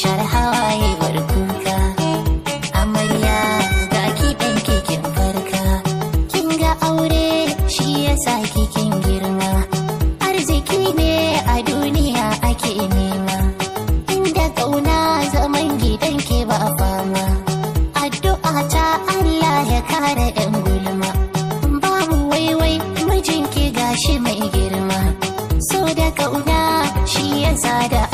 share hawaye bar kuka amarya ga kiɗan kikin farka kin ga aure shi yasa kin girma arziki ne a duniya ake nema inda ƙauna zaman gidan ke ba fama addu'a ta Allah ya kare yan gulma babu waiwai mijinki gashi mai girma so da kauna shi yasa da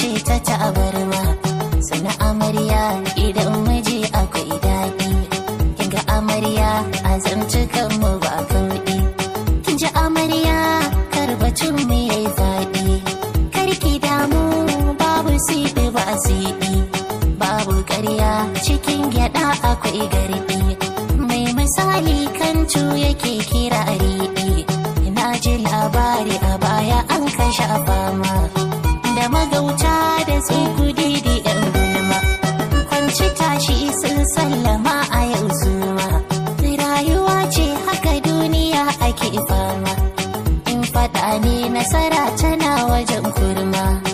ce ta tabarwa. sana amarya idan miji akwai daɗi kinga amarya a zance mu ba kauɗi kin ji amarya karbacin mu yayi faɗi karki damu babu siɗi ba siɗi babu ƙarya cikin gyaɗa akwai garɗi mai misali kancu yake kira riɗi na ji labari a baya an kashe faɗa ne nasara tana wajen kurma.